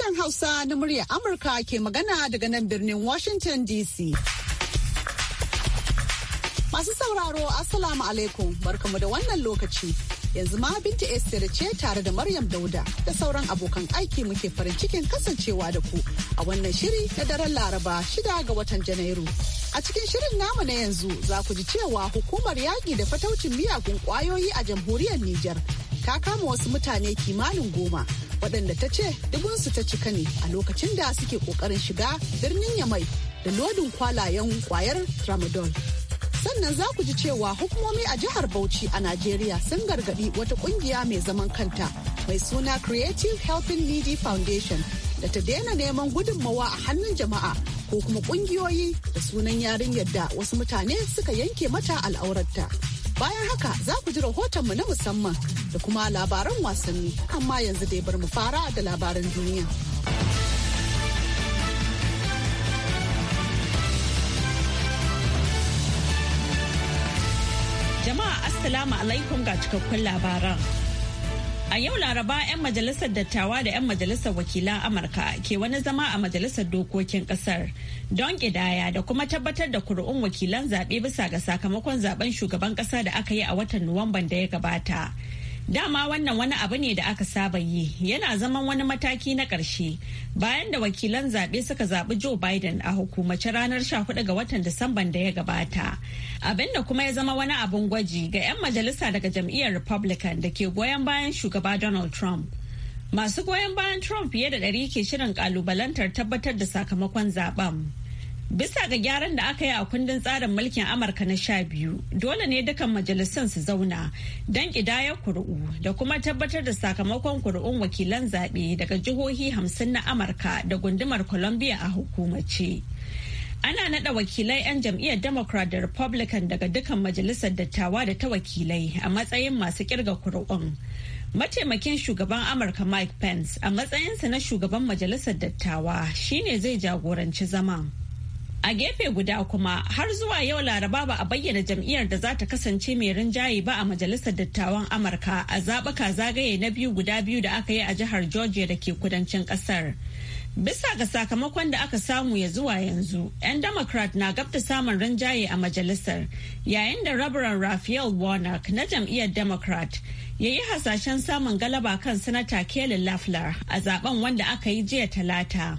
sashen Hausa na muryar Amurka ke magana daga nan birnin Washington DC. Masu sauraro Assalamu alaikum barkamu da wannan lokaci. Yanzu ma Binta Esther ce tare da Maryam Dauda da sauran abokan aiki muke farin cikin kasancewa da ku a wannan shiri na daren Laraba shida ga watan Janairu. A cikin shirin namu na yanzu za ku ji cewa hukumar yaƙi da fataucin miyagun ƙwayoyi a jamhuriyar Nijar ta kama wasu mutane kimanin goma waɗanda ta ce dubunsu ta cika ne a lokacin da suke ƙoƙarin shiga birnin yamai da lodin kwalayen kwayar tramadol sannan za ku ji cewa hukumomi a jihar bauchi a najeriya sun gargaɗi wata ƙungiya mai zaman kanta mai suna creative helping needy foundation da ta daina neman gudunmawa a hannun jama'a ko kuma ƙungiyoyi da sunan yarin yadda wasu mutane suka yanke mata al'aurarta. Bayan haka za ku ji rahoton mu na musamman da kuma labaran wasanni, amma yanzu dai bar mu fara da labaran duniya. Jama'a Assalamu alaikum ga cikakkun labaran. A yau Laraba 'yan majalisar dattawa da 'yan majalisar wakilan Amurka ke wani zama a majalisar dokokin kasar don ƙidaya da kuma tabbatar da kuri'un wakilan zaɓe bisa ga sakamakon zaben shugaban ƙasa da aka yi a watan Nuwamban da ya gabata. Dama wannan wani abu ne da aka saba yi yana zaman wani mataki na ƙarshe bayan da wakilan zaɓe suka zaɓi Joe Biden a hukumace ranar 14 ga watan Disamban da ya gabata. Abin da kuma ya zama wani abun gwaji ga 'yan majalisa daga jam'iyyar Republican da ke goyon bayan shugaba Donald Trump. Masu goyon bayan Trump fiye da ɗari ke shirin ƙalubalantar tabbatar da sakamakon zaɓen. Bisa ga gyaran da aka yi a kundin tsarin mulkin Amurka na sha biyu, dole ne dukan majalisun su zauna don ƙidayar kuri'u da kuma tabbatar da sakamakon kuri'un wakilan zaɓe daga jihohi hamsin na Amurka da gundumar Columbia a hukumace. Ana naɗa wakilai 'yan jam'iyyar Democrat da Republican daga dukan majalisar dattawa da ta wakilai a matsayin masu kirga kuri'un. mataimakin shugaban amurka mike pence a matsayinsa na shugaban majalisar dattawa shine zai jagoranci zama. A gefe guda kuma har zuwa yau Laraba ba a bayyana jam'iyyar da za ta kasance mai rinjaye ba a Majalisar Dattawan Amurka a zaɓuka zagaye na biyu guda biyu da aka yi a jihar Georgia da ke kudancin ƙasar. Bisa ga sakamakon da aka samu ya zuwa yanzu, 'yan Democrat na gabta samun rinjaye a majalisar, yayin da rabaran Raphael Warnock na jam'iyyar Democrat ya yi hasashen samun galaba kan Sanata Kelly Lafler a zaben wanda aka yi jiya talata.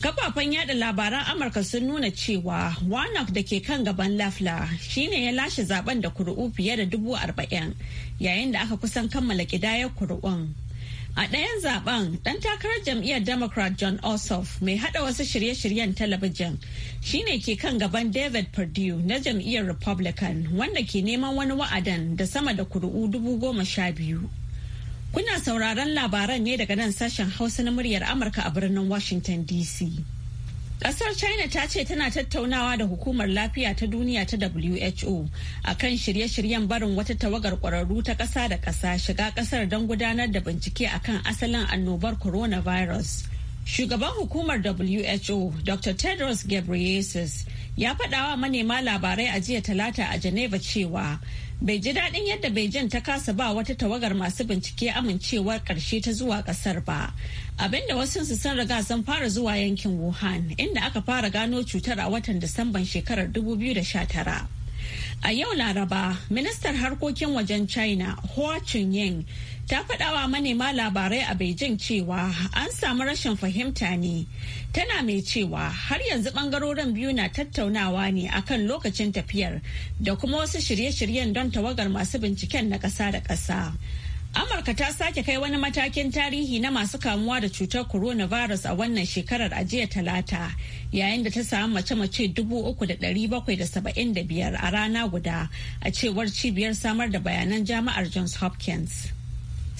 Kafafen yada labaran Amurka sun nuna cewa Warnock da ke kan gaban Lafla shine ya lashe zaben da kuri'u fiye da dubu arba'in yayin da aka kusan kammala kidayar kuri'un. A ɗayan zaben ɗan takarar jam'iyyar Democrat John Ossoff mai haɗa wasu shirye-shiryen talabijin shine ke kan gaban David Perdue na jam'iyyar Republican wanda ke neman wani wa'adan da sama da kuri'u dubu goma sha biyu. Kuna sauraron labaran ne daga nan sashen Hausa na muryar Amurka a birnin Washington DC. Kasar China ta ce tana tattaunawa da hukumar lafiya ta duniya ta WHO a kan shirye-shiryen barin wata tawagar kwararru ta ƙasa da ƙasa shiga ƙasar don gudanar da bincike akan asalin annobar coronavirus. Shugaban hukumar WHO Dr. Tedros Ghebreyesus ya faɗawa manema labarai a jiya talata a Geneva cewa bai ji daɗin yadda Beijing ta kasa ba wata tawagar masu bincike amincewar ƙarshe ta zuwa ƙasar ba. Abinda wasu su san riga sun fara zuwa yankin Wuhan inda aka fara gano cutar a watan Disamban shekarar 2019. A yau Laraba, Ministan harkokin wajen China, Hua Chunying, ta faɗawa manema labarai a Beijing cewa an samu rashin fahimta ne. Tana mai cewa har yanzu bangarorin biyu na tattaunawa ne akan lokacin tafiyar da kuma wasu shirye-shiryen don tawagar masu binciken na ƙasa da ƙasa. Amurka ta sake kai wani matakin tarihi na masu kamuwa da cutar coronavirus a wannan shekarar a talata yayin da ta samu mace-mace biyar a rana guda a cewar cibiyar samar da bayanan jami'ar Johns Hopkins.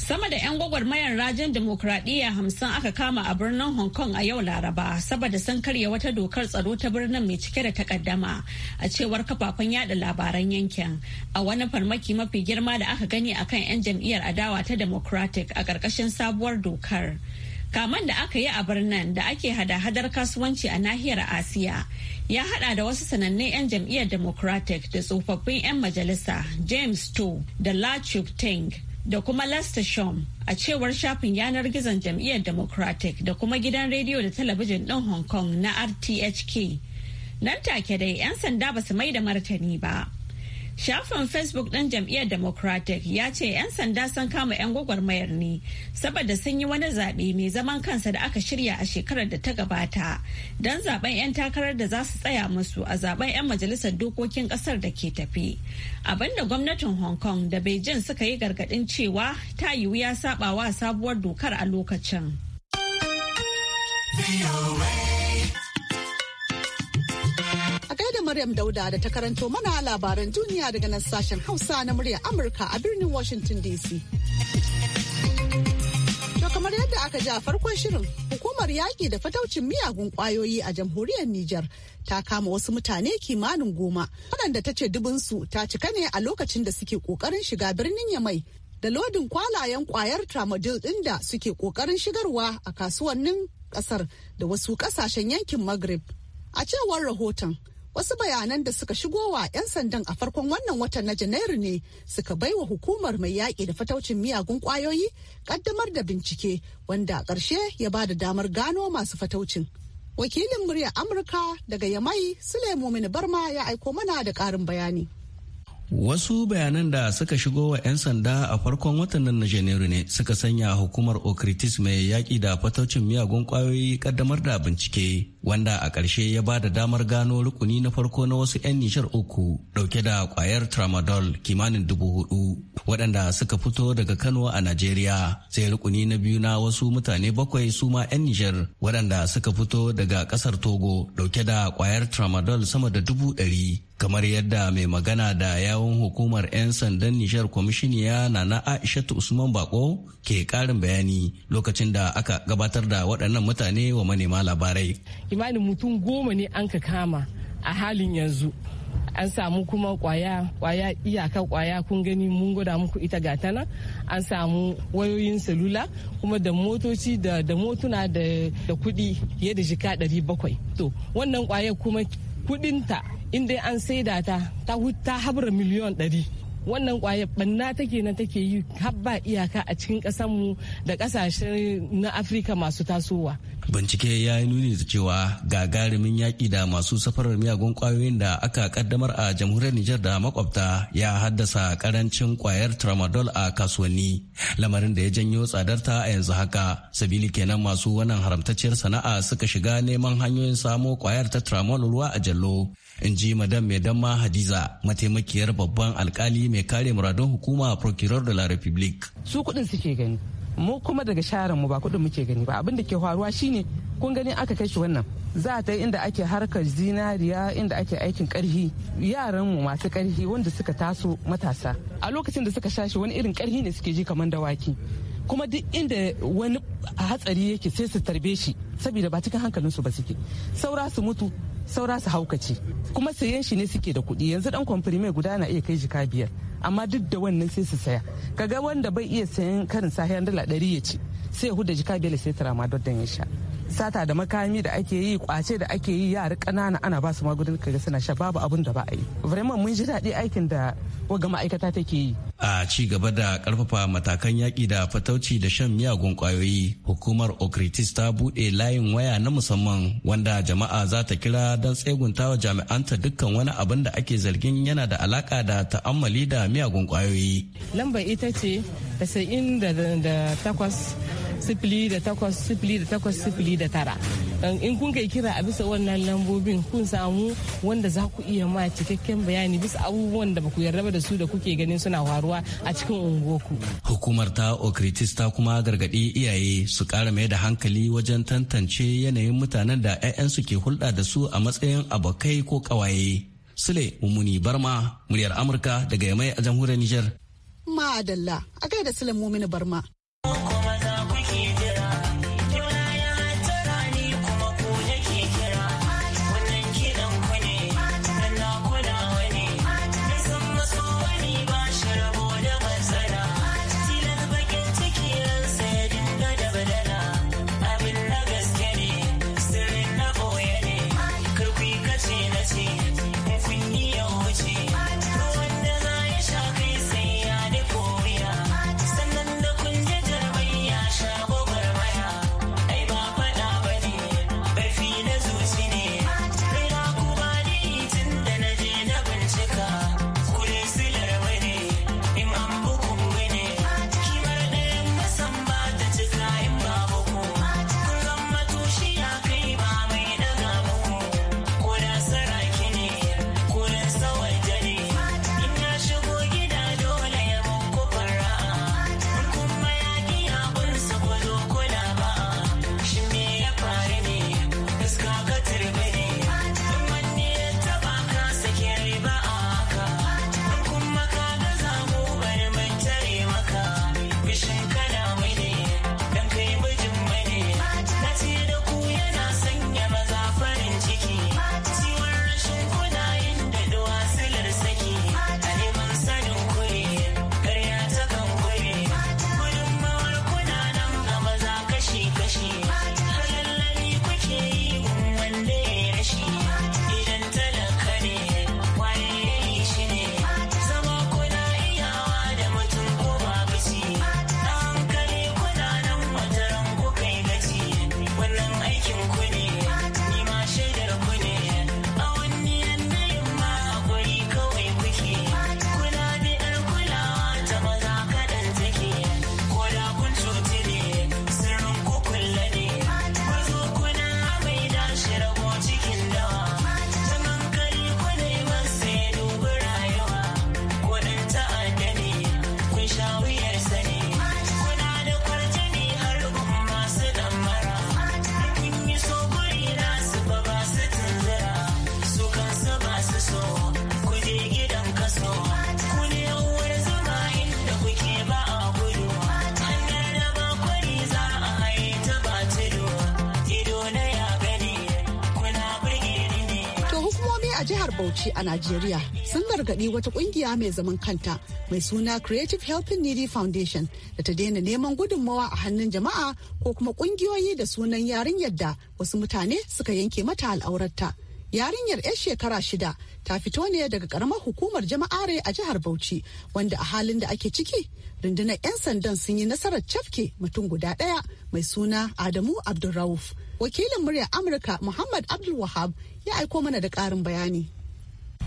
Sama da 'yan gwagwarmayar rajin demokradiyya hamsin aka kama a birnin Hong Kong a yau Laraba saboda sun karya wata dokar tsaro ta birnin mai cike da takaddama a cewar kafafen yada labaran yankin a wani farmaki mafi girma da aka gani a kan 'yan jam'iyyar adawa ta Democratic a ƙarƙashin sabuwar dokar. Kaman da aka yi a birnin da ake hada-hadar kasuwanci a nahiyar Asiya ya hada da wasu sanannen 'yan jam'iyyar Democratic da tsofaffin 'yan majalisa James to da La Teng. da kuma Lester Shom a cewar shafin yanar gizon jam'iyyar Democratic da kuma gidan rediyo da talabijin ɗin Hong Kong na RTHK. Nan take dai 'yan sanda ba su mai da martani ba. Shafin Facebook ɗin jam'iyyar Democratic ya ce 'yan sanda sun kama 'yan gwagwarmayar ne saboda sun yi wani zaɓe mai zaman kansa da aka shirya a shekarar da ta gabata don zaɓen 'yan takarar da za su tsaya musu a zaɓen 'yan majalisar dokokin ƙasar da ke tafi. Abinda gwamnatin Hong Kong da Beijing suka yi gargaɗin cewa ta yiwu ya saɓa wa sabuwar dokar a lokacin. Maryam Dauda da ta karanto mana labaran duniya daga nan sashen Hausa na murya Amurka a birnin Washington DC. To kamar yadda aka ji a farkon shirin hukumar yaƙi da fataucin miyagun kwayoyi a jamhuriyar Nijar ta kama wasu mutane kimanin goma waɗanda ta ce dubinsu ta cika ne a lokacin da suke ƙoƙarin shiga birnin Yamai da lodin kwalayen kwayar tramadol ɗin da suke ƙoƙarin shigarwa a kasuwannin ƙasar da wasu ƙasashen yankin Maghrib. A cewar rahoton, Wasu bayanan da suka shigo wa 'yan sandan a farkon wannan watan na Janairu ne suka baiwa hukumar mai yaƙi da fataucin miyagun ƙwayoyi ƙaddamar da bincike wanda a ƙarshe ya ba da damar gano masu fataucin. Wakilin muryar Amurka daga Yamai Suleimu Barma ya aiko mana da ƙarin bayani. Wasu bayanan da suka shigo wa 'yan sanda a farkon watan nan na Janairu ne suka sanya hukumar Okritis mai yaƙi da fataucin miyagun ƙwayoyi kaddamar da bincike wanda a ƙarshe ya ba da damar gano rukuni na farko na wasu 'yan nishar uku ɗauke da ƙwayar tramadol kimanin dubu hudu waɗanda suka fito daga Kano a Najeriya sai rukuni na biyu na wasu mutane bakwai su ma 'yan nishar waɗanda suka fito daga ƙasar Togo ɗauke da ƙwayar tramadol sama da dubu ɗari kamar yadda mai magana da yawon hukumar 'yan sandan nishar kwamishiniya na na aishatu usman bako ke karin bayani lokacin da aka gabatar da waɗannan mutane wa manema labarai imanin mutum goma ne an ka kama a halin yanzu an samu kuma kwaya kwaya iyaka kwaya kun gani mun gwada muku ita ga tana an samu wayoyin salula kuma da motoci da motuna da kuɗi fiye da jika 700 to wannan kwaya kuma kuɗinta. in dai an saida ta ta ta habra miliyon ɗari wannan kwaya banna take nan take yi har ba iyaka a cikin mu da kasashe na afirka masu tasowa bincike ya yi nuni da cewa gagarumin yaƙi da masu safarar miyagun kwayoyin da aka kaddamar a jamhuriyar nijar da makwabta ya haddasa karancin kwayar tramadol a kasuwanni lamarin da ya janyo tsadarta a yanzu haka sabili kenan masu wannan haramtacciyar sana'a suka shiga neman hanyoyin samo kwayar ta tramadol ruwa a jallo in ji madam mai damma hadiza mataimakiyar babban alkali mai kare muradun hukuma procureur de la republique su kuɗin suke gani mu kuma daga sharan mu ba kuɗin muke gani ba abin da ke faruwa shine kun gani aka kai shi wannan za ta inda ake harkar zinariya inda ake aikin karhi yaran mu masu karhi wanda suka taso matasa a lokacin da suka shashi wani irin karhi ne suke ji kamar dawaki kuma duk inda wani hatsari yake sai su tarbe shi saboda ba cikin hankalinsu ba suke saura su mutu saura su ce kuma sayen shi ne suke da kuɗi yanzu dan kwamfirme guda na iya kai jika biyar amma duk da wannan sai su saya kaga wanda bai iya sayan karin sahiyar dala ɗari ya ce sai ya huda jika biyar sai tara ma don ya sha sata da makami da ake yi kwace da ake yi yara kanana ana ba su magudin kaga suna sha babu abin da ba a yi vraiment mun ji daɗi aikin da waga ma'aikata take yi a ci gaba da karfafa matakan yaƙi da fatauci da shan miyagun ƙwayoyi hukumar okritis ta buɗe layin waya na musamman wanda jama'a za ta kira don tsegunta wa jami'anta dukkan wani abin da ake zargin yana da alaka da ta'ammali da miyagun ƙwayoyi lambar ita ce takwas sifili da takwas da takwas da tara in kun kai kira a bisa wannan lambobin kun samu wanda za ku iya ma cikakken bayani bisa abubuwan da baku yarda da su da kuke ganin suna faruwa a cikin unguwarku. hukumar ta okritis ta kuma gargaɗi iyaye su ƙara mai da hankali wajen tantance yanayin mutanen da 'ya'yansu ke hulɗa da su a matsayin abokai ko kawaye. sule mummuni barma muryar amurka daga yamai a jamhuriyar niger ma'adalla a gaida sule mumini barma Bauchi a Najeriya sun gargaɗi wata ƙungiya mai zaman kanta mai suna Creative Helping Needy Foundation da ta daina neman gudunmawa a hannun jama'a ko kuma ƙungiyoyi da sunan yarinyar da wasu mutane suka yanke mata al'aurarta. Yarinyar 'yar shekara shida ta fito ne daga ƙaramar hukumar jama'are a jihar Bauchi wanda a halin da ake ciki rundunar 'yan sandan sun yi nasarar cafke mutum guda ɗaya mai suna Adamu Abdulrauf. Wakilin muryar Amurka Muhammad abdulwahab ya aiko mana da ƙarin bayani.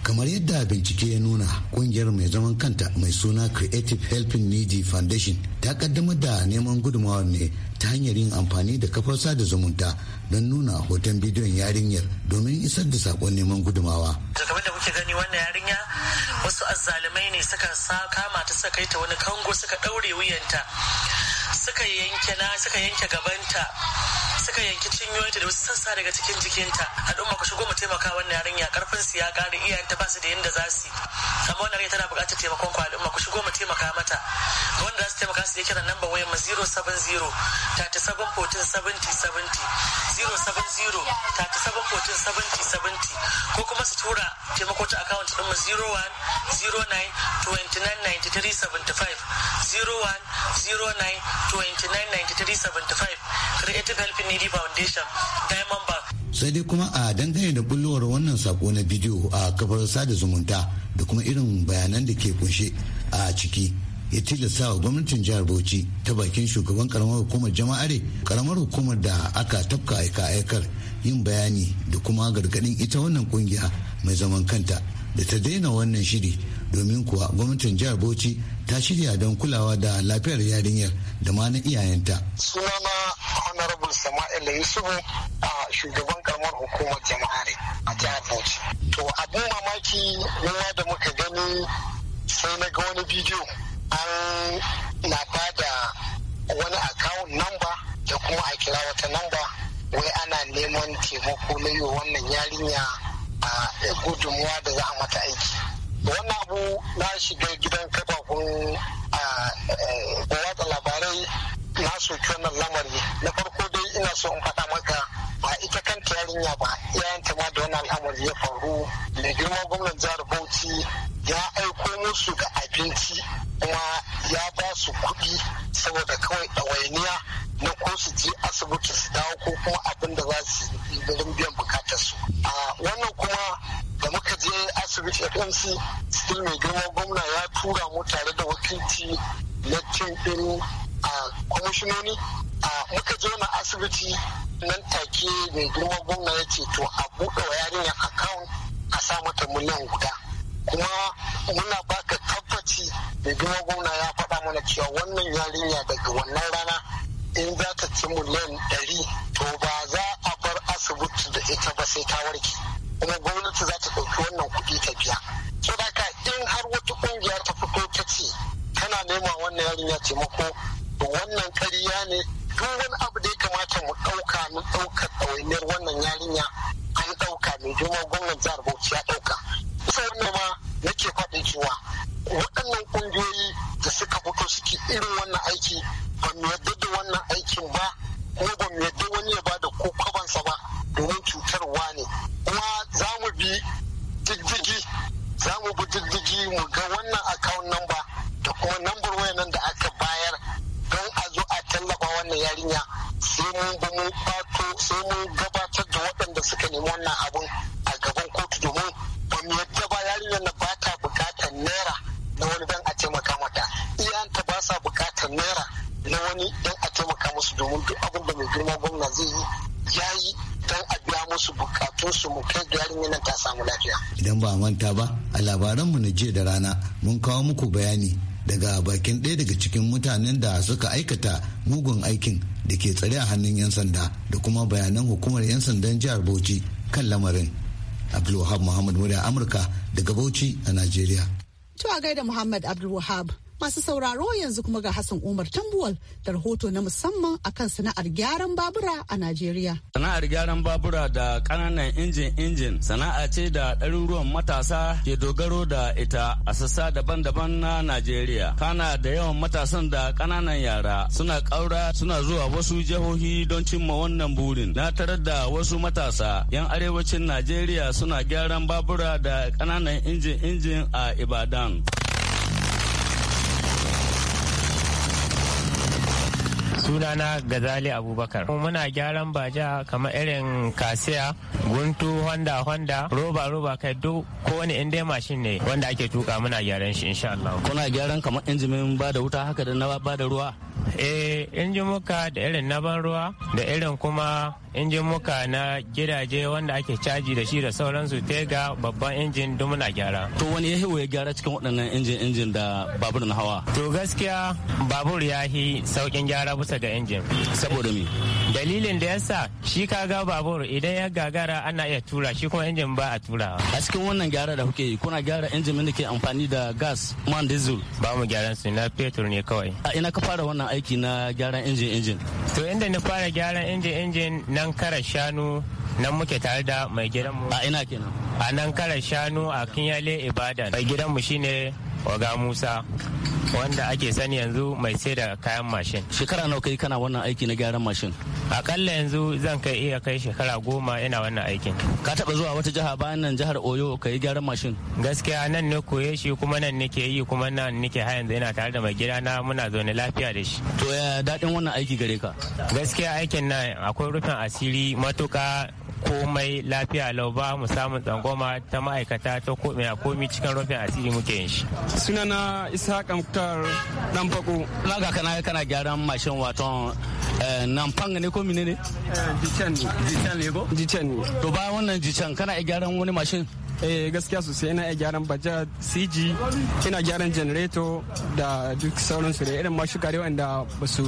kamar yadda bincike ya nuna kungiyar mai zaman kanta mai suna creative helping needy foundation ta kaddamar da neman gudumawa ne ta hanyar yin amfani da kafar sada zumunta don nuna hoton bidiyon yarinyar domin isar da sakon neman gudumawa. da kuke gani wannan yarinya wasu azzalumai ne suka kama ta suka wani kango suka daure wuyanta suka suka yanke gabanta suka yanki cinyoyinta da wasu sassa daga cikin jikinta al'umma ku shigo mu taimaka wannan yarinya karfin su ya kare iyayenta ba su da yanda za su amma wannan yarinya tana buƙatar taimakon ku al'umma ku shigo mu taimaka mata ga wanda za su taimaka su yi kiran namba wayar mu 070 37 14 70 70 070 ko kuma su tura taimako ta account din mu 01 09 29 93 creative needy foundation diamond bank sai dai kuma a dangane da bullowar wannan sako na bidiyo a kafar sada zumunta da kuma irin bayanan da ke kunshe a ciki ya tilasta wa gwamnatin jihar bauchi ta bakin shugaban karamar hukumar jama'are karamar hukumar da aka tafka aika aikar yin bayani da kuma gargadin ita wannan kungiya mai zaman kanta da ta daina wannan shiri domin kuwa gwamnatin jihar bauchi ta shirya don kulawa da lafiyar yarinyar da ma na iyayenta sunana sama'ila a shugaban karamar hukumar jama'are to abin mamaki nuna da muka gani sai na ga wani bidiyo an na bada wani account number da kuma a kira wata number wai ana neman taimako na yi wannan yarinya a gudunmuwa da za a mata aiki wannan abu na shiga gidan kafafun eh, watsa labarai na soki wannan lamari na farko dai ina so in faɗa maka yarinya ba iyayenta ma da wannan al'amari ya faru da girma gwamnan jihar bauchi ya aiko musu da abinci kuma ya ba su kuɗi saboda kawai ɗawainiya na ko su je asibiti su dawo ko kuma abin da za su yi garin biyan bukatar su a wannan kuma da muka je asibiti fmc still mai girma gwamna ya tura mu tare da wakilci na cin a kwamishinoni a muka je na asibiti nan take mai girma gwamna ya ce to a buɗe wa yarinyar account a sa mata miliyan guda kuma muna baka tabbaci mai girma gwamna ya faɗa mana cewa wannan yarinya daga wannan rana in za ta ci miliyan ɗari to ba za a bar asibiti da ita ba sai ta warke kuma gwamnati za ta ɗauki wannan kuɗi ta biya so da ka in har wata ƙungiya ta fito ta ce tana nema wannan yarinya taimako to wannan ƙarya ne duk wani abu da ya kamata mu ɗauka mu ɗauka mun kawo muku bayani daga bakin ɗaya daga cikin mutanen da suka aikata mugun aikin da ke tsare a hannun 'yan sanda da kuma bayanan hukumar 'yan sandan jihar bauchi kan lamarin abdulwahab muhammad murya amurka daga bauchi a najeriya to a gaida muhammad abdulwahab Masu sauraro yanzu kuma ga Hassan Umar Tambuwal da rahoto na musamman akan sana'ar gyaran babura a Najeriya. Sana'ar gyaran babura da ƙananan injin-injin sana'a ce da ɗaruruwan matasa ke dogaro da ita a sassa daban-daban na Najeriya. Kana da yawan matasan da ƙananan yara suna ƙaura suna zuwa wasu jihohi don cimma wannan burin. Na tarar da wasu matasa 'yan arewacin Najeriya suna gyaran babura da ƙananan injin-injin a Ibadan. sunana gazali abubakar muna gyaran baja kamar irin kasiya guntu honda honda roba roba kai duk kowane inda mashin ne wanda ake tuka muna gyaran shi insha Allah kuna gyaran kamar injimin ba da wuta haka da na ba da ruwa eh injimuka da irin na ban ruwa da irin kuma injin muka na gidaje wanda ake caji da shi da sauransu tega babban injin duk muna gyara to wani ya ya gyara cikin waɗannan injin injin da babur na hawa to gaskiya babur ya yi saukin gyara bisa ga injin saboda me dalilin da yasa shi kaga babur idan ya gagara ana iya tura shi kuma injin ba a tura. a cikin wannan gyara da kuke yi kuna gyara injin da ke amfani da gas man diesel ba mu gyaran su na fetur ne kawai a ina ka fara wannan aiki na gyaran injin injin to inda na fara gyaran injin injin na nan kara shanu nan muke tare da mai gidanmu. A ina kenan. A nan kara shanu a Kinyale Ibadan. Mai gidanmu shine Oga Musa. wanda ake sani yanzu mai sai da kayan mashin shekara nawa kai kana wannan aiki na gyaran mashin akalla yanzu zan kai iya kai shekara goma ina wannan aikin ka taba zuwa wata jiha bayan nan jihar oyo ka yi gyaran mashin gaskiya nan ne koye shi kuma nan nake yi kuma nan nake har yanzu ina tare da mai gida na muna zaune lafiya da shi to ya daɗin wannan aiki gare ka gaskiya aikin nan akwai rufin asiri matuka komai lafiya lau ba mu samun tsangoma ta ma'aikata ta komi cikin rufin asiri muke yin shi sunana isa kamta bukar dan fako na ga kana kana gyaran mashin wato eh, nan fanga ne ko mine ne eh, jicen jicen ne ko jicen to ba wannan jicen kana gyaran wani mashin eh gaskiya sosai ina iya gyaran bajaj cg ina gyaran generator da duk sauransu da irin mashuka kare wanda ba su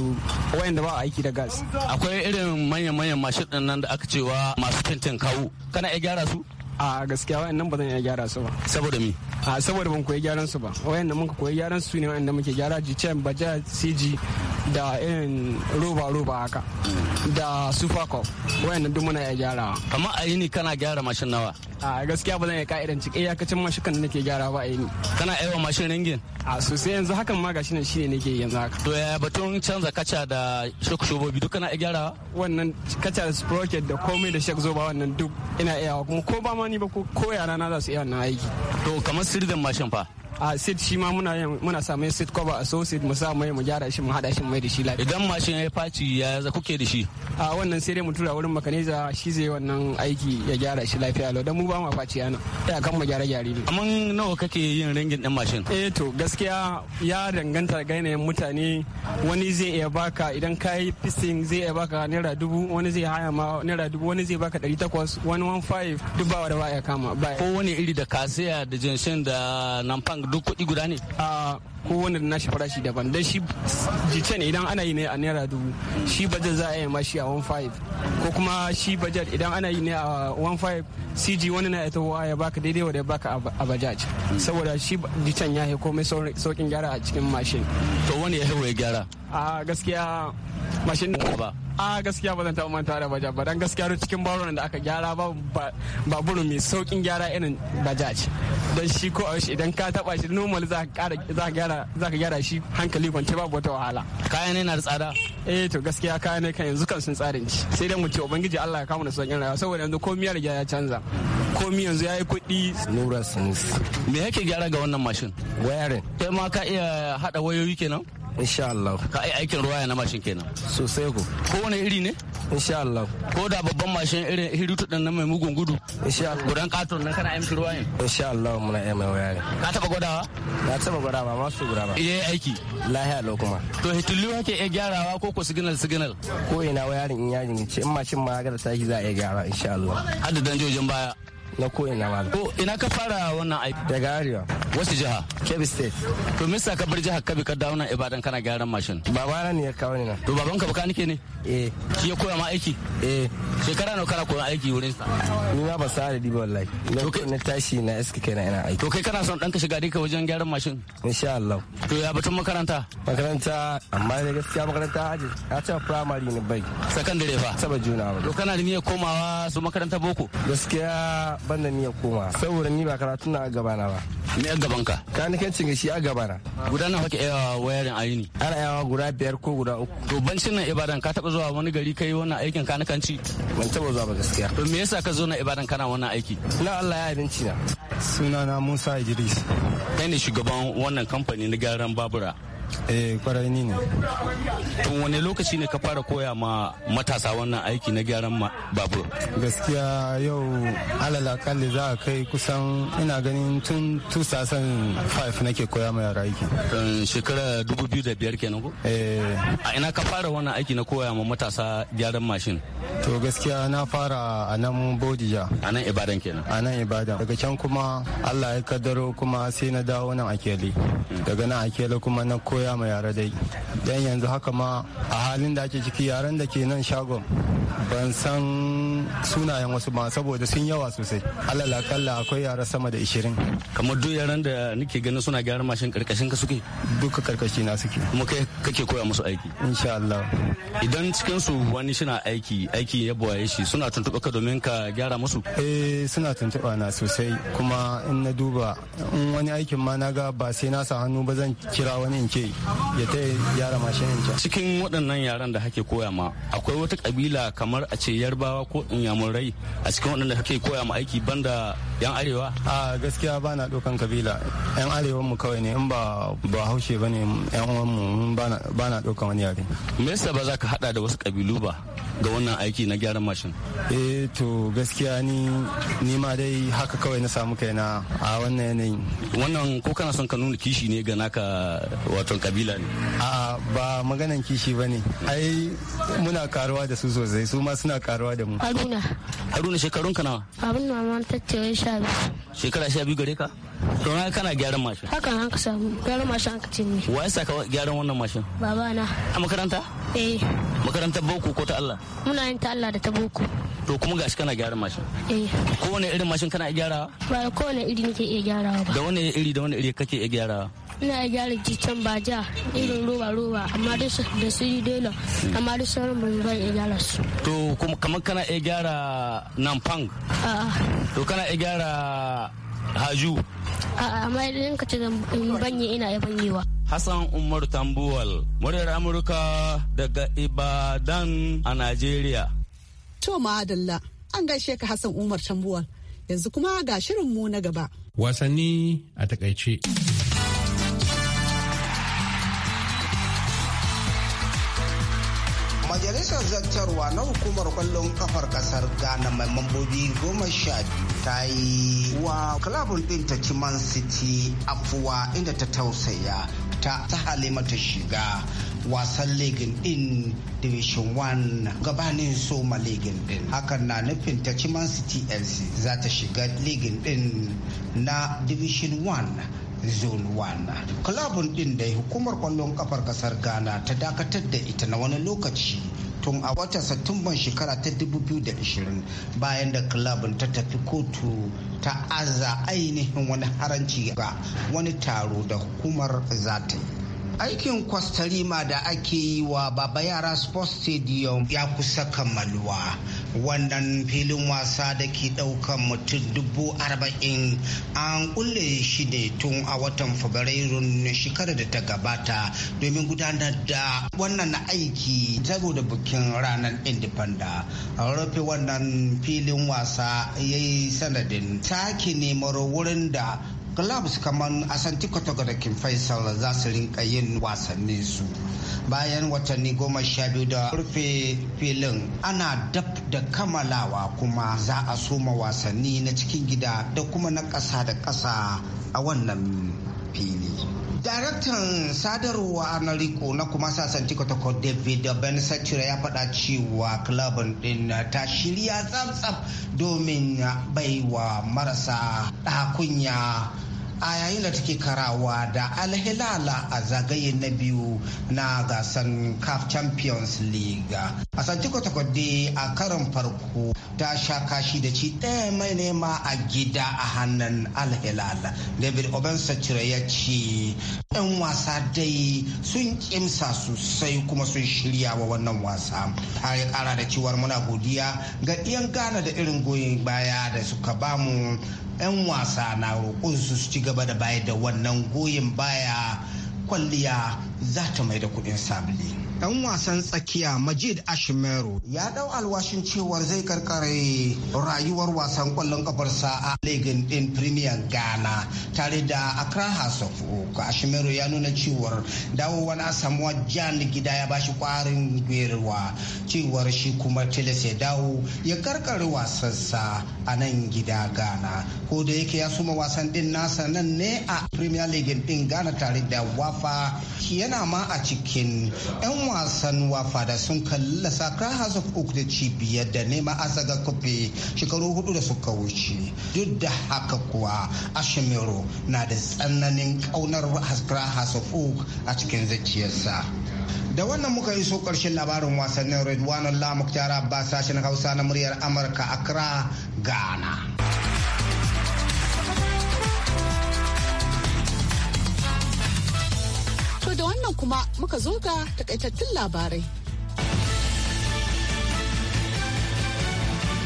wanda ba aiki da gas akwai irin manyan manyan mashin din nan da aka cewa masu fintin kawo kana iya gyara su a gaskiya wayannan ba zan iya gyara su ba saboda me a saboda ban koyi gyaran su ba wayannan mun koyi gyaran su ne wayanda muke gyara jicen baja cg da irin roba roba haka da super cup wayannan duk muna iya gyara amma a yini kana gyara mashin nawa a gaskiya ba zan yi ka'idan ya iyakacin mashi da nake gyara ba a yi kana aiwa mashin ringin a sosai yanzu hakan ma gashi nan shine nake yanzu haka to ya batun canza kaca da shok shobobi duk kana gyara wannan kaca da sprocket da komai da shek zoba wannan duk ina iyawa kuma ko ba ma ni ba ko yara na za su iya wannan aiki to kamar da mashin fa a seed shi ma muna muna sa mai seed cover a so mu sa mai mu gyara shi mu hada shi mai da shi lafiya idan mashin ya faci ya kuke da shi a wannan sai dai mu tura wurin makaniza shi zai wannan aiki ya gyara shi lafiya lo dan mu ba mu faci yana ya kan mu gyara gyare ne amma nawa kake yin ringin din mashin eh to gaskiya ya danganta ga yanayin mutane wani zai iya baka idan kai pissing zai iya baka naira dubu wani zai haya ma naira dubu wani zai baka ɗari takwas wani one five duk ba da ba ya kama ba ko wani iri da kasiya da jinshin da nan duk kuɗi guda ne a kowane da nashi farashi daban dan shi jice ne idan ana yi ne a naira dubu shi budget za a yi ma shi a 15 ko kuma shi budget idan ana yi ne a 15 cg wani na ita ya baka daidai wa ya baka a bajaj saboda shi jicen ya yi komai saukin gyara a cikin mashin to wani ya yi gyara a gaskiya mashin ba a gaskiya ba zan taɓa manta da bajaj ba dan gaskiya duk cikin baron da aka gyara ba babur mai saukin gyara irin bajaj don shi ko a idan ka taɓa shi normal za ka gyara za ka gyara shi hankali kwance ba wata wahala kayan yana da tsada eh to gaskiya kayan ne kan yanzu kan sun tsarin ci sai dan mutum ubangiji Allah ya kama da sauƙin rayuwa saboda yanzu komai riga ya canza komi yanzu ya yi kuɗi. Nura Sinus. Me yake gyara ga wannan mashin? Wayarin. Kai ma ka iya haɗa wayoyi kenan? insha Allah ka yi aikin ruwaya na mashin kenan sosai ko ko wani iri ne insha Allah ko da babban mashin irin hirutu din nan mai mugun gudu insha Allah gudan katon nan kana aimshi ruwa insha Allah muna aima mai ne ka taba gwadawa na taba gwadawa ma su gwadawa Iye aiki lahiya lo kuma to hitullu kake iya gyarawa ko ko signal signal ko ina wayarin in yajin ce in mashin ma ga ta shi za a iya gyara insha Allah hadda danjojin baya na ko ina ba ko ina ka fara wannan aiki daga arewa wasu jiha kebbi state to mista ka bar jihar kabi ka dawo nan ibadan kana gyaran mashin babana ne ya kawo ni nan to baban ka baka nike ne eh shi ya koya ma aiki eh shekara nawa kana koyan aiki wurin sa ni ma ba sa da diba wallahi na tashi na iska kai na ina aiki to kai kana son dan ka shiga dinka wajen gyaran mashin insha Allah to ya batun makaranta makaranta amma da gaskiya makaranta aji ya ce primary ne bai secondary fa saba juna ba to kana da niyyar komawa su makaranta boko gaskiya ban da niyyar koma saboda ni ba karatu na a gabana ba Ni a gaban ka kanikancin gashi a gabana guda nawa kake yawa wayarin ayini ana yawa guda biyar ko guda uku to cin nan ibadan ka taba zuwa wani gari kai wannan aikin kanikanci ban taba zuwa ba gaskiya to me yasa ka zo na ibadan kana wannan aiki na Allah ya abinci na sunana Musa Idris kai ne shugaban wannan kamfani na gyaran babura Eh kwarai ni ne. Tun wane lokaci ne ka fara koya ma matasa wannan aiki na gyaran babur? Gaskiya yau alala kalli za a kai kusan ina ganin tun 2005 nake koya ma yara aiki. Shekara 2005 kenan ko? Eh. A ina ka fara wannan aiki na koya ma matasa gyaran mashin? To gaskiya na fara a nan Bodija. A nan Ibadan kenan. A nan Ibadan. Daga can kuma Allah ya kaddaro kuma sai na dawo nan Akele. Hmm. Daga nan Akele kuma na koya koya ma yare dai dan yanzu haka ma a halin da ake ciki yaren da ke nan shagon ban san sunayen wasu ma saboda sun yawa sosai alal kalla akwai yara sama da ishirin. kamar duk yaran da nake ganin suna gyara mashin karkashin ka suke duka karkashi na suke kuma kai kake koya musu aiki insha Allah idan cikin su wani na aiki aiki ya buwaye shi suna tuntuɓa ka domin ka gyara musu eh suna tuntuɓa na sosai kuma in na duba in wani aikin ma na ga ba sai na sa hannu ba zan kira wani in ke ya ta gyara mashin cikin waɗannan yaran da hake koya ma akwai wata kabila kamar a ce yarbawa ko rai a cikin waɗanda kake koya ma aiki banda yan arewa a gaskiya ba na dokan kabila yan arewa mu kawai ne in ba ba haushe ba ne yan uwan mu ba na dokan wani yare me yasa ba za ka hada da wasu kabilu ba ga wannan aiki na gyaran mashin eh to gaskiya ni ni ma dai haka kawai na samu kaina a wannan yanayin wannan ko kana son ka nuna kishi ne ga naka wato kabila ne a ba maganan kishi ba ne ai muna karuwa da su sosai su ma suna karuwa da mu haruna haruna shekarun ka nawa abin mama ma ce wai sha biyu shekara sha biyu gare ka to na kana gyaran mashin haka an ka samu gyaran mashin an ka ce ne wa ya ka gyaran wannan mashin baba na a makaranta eh makarantar boko ko ta Allah muna yin ta Allah da ta boko to kuma gashi kana gyara mashin eh kowane irin mashin kana gyara ba kowane iri nake iya gyarawa ba da wani iri da wani iri kake iya gyarawa ina gyara jicen baja irin roba roba amma da su yi dela amma da su ban ban iya gyara su to kuma kamar kana iya gyara nampang a'a to kana iya gyara haju a'a amma idan ka ce ban banye ina iya banyewa Hassan Umar Tambuwal, muryar Amurka daga Ibadan a Najeriya. To ma'adalla, an gaishe ka Hassan Umar Tambuwal, yanzu kuma ga shirinmu na gaba. Wasanni a takaice. majalisar zartarwa na hukumar kwallon kafar kasar ghana mai mambobi goma sha biyu ta yi wa kilabun ɗin ta ci man city afuwa inda ta tausaya ta sahale mata shiga wasan legin din division 1 gabanin soma legin din hakan na nufin ta ci man city lc za ta shiga legin din na division 1 zone 1 kulabun din da hukumar kwallon kafar kasar ghana ta dakatar da ita na wani lokaci tun a watan satumban shekara ta 2020 bayan da club ta tafi kotu ta aza ainihin wani haranci ga wani taro da hukumar zata yi aikin kwastarima da ake yi wa baba yara sports stadium ya kusa kammaluwa wannan filin wasa da ke ɗaukan mutum dubu arba'in an kulle shi ne tun a watan fabrairun shekara da ta gabata domin gudanar da wannan aiki saboda bikin ranar indipanda rufe wannan filin wasa ya yi sanadin sake nemar wurin da clubs kamar asanti kwatakwata kin faisal za su rinka yin wasanninsu bayan watanni goma sha biyu da rufe filin ana dab da kammalawa kuma za a soma wasanni na cikin gida da kuma na ƙasa da ƙasa a wannan fili. daraktan sadarwa na riko na kuma sasan tikotoko david ben satira ya faɗa cewa kilabin ɗin ta shirya tsaf-tsaf domin baiwa marasa ɗakunya a yayin da take karawa da alhilala a zagaye na biyu na gasar caf champions league a santi takwade a karon farko ta sha kashi da ci ɗaya mai nema a gida a hannun alhilala david cire ya ce 'yan wasa dai sun kimsa sosai kuma sun shirya wa wannan wasa har ya kara da cewar muna godiya ga iyan gana da irin goyon baya da suka bamu 'yan wasa na roƙon su ci gaba da bayar da wannan goyin baya kwalliya za ta mai da kuɗin sabili. dan wasan tsakiya Majid ashmero ya dau alwashin cewar zai karkare rayuwar wasan kwallon kafarsa a ligin din Premier Ghana tare da Accra House of ya nuna cewar dawowa na samuwa jan gida ya bashi kwarin gwerwa cewar shi kuma Tilis ya dawo ya karkare wasansa a nan gida Ghana. Ko da yake ya suma wasan din nasa nan ne a Premier League din Ghana tare da Wafa yana ma a cikin 'yan wasan wafa da sun kalla lasakar house of da cibiyar da nema asaga kofi shekaru hudu da suka wuce duk da haka kuwa ashimero na da tsananin kaunar haskar house of a cikin zaciyarsa da wannan muka yi so karshen labarin wasannin redwan lamuk tara ba sashen hausa na muryar amurka a accra ghana wannan kuma muka zo ga takaitattun labarai.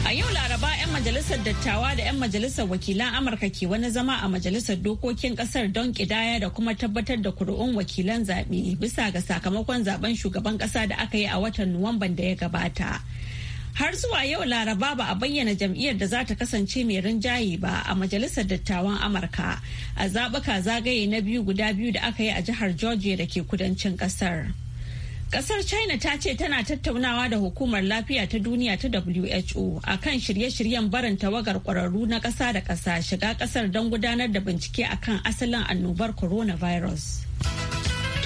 A yau Laraba 'yan majalisar dattawa da 'yan majalisar wakilan Amurka ke wani zama a majalisar dokokin kasar don kidaya da kuma tabbatar da kuri'un wakilan zaɓe bisa ga sakamakon zaben shugaban ƙasa da aka yi a watan Nuwamban da ya gabata. Har zuwa yau Laraba ba a bayyana jam'iyyar da za ta kasance mai rinjaye ba a Majalisar Dattawan Amurka a zaɓuka zagaye na biyu guda biyu da aka yi a jihar Georgia da ke kudancin ƙasar. Ƙasar China ta ce tana tattaunawa da hukumar lafiya ta duniya ta WHO a kan shirye-shiryen barin tawagar ƙwararru na ƙasa da ƙasa shiga ƙasar don gudanar da bincike akan asalin annobar coronavirus.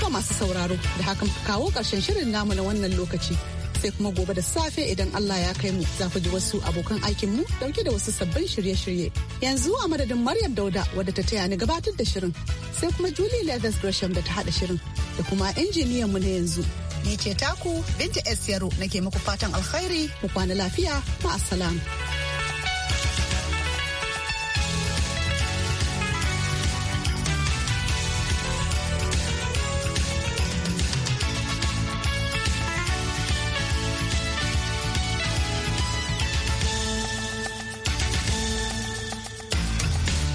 To masu sauraro da hakan kawo ƙarshen shirin namu na wannan lokaci. sai kuma gobe da safe idan Allah ya kai mu za ku ji wasu abokan aikin mu dauke da wasu sabbin shirye-shirye. Yanzu a madadin Maryam Dauda wadda ta taya ni gabatar da shirin sai kuma Julie Leathers Gresham da ta hada shirin da kuma injiniyan mu na yanzu. Ni ce taku Binta S Yaro nake muku fatan alkhairi ku kwana lafiya ma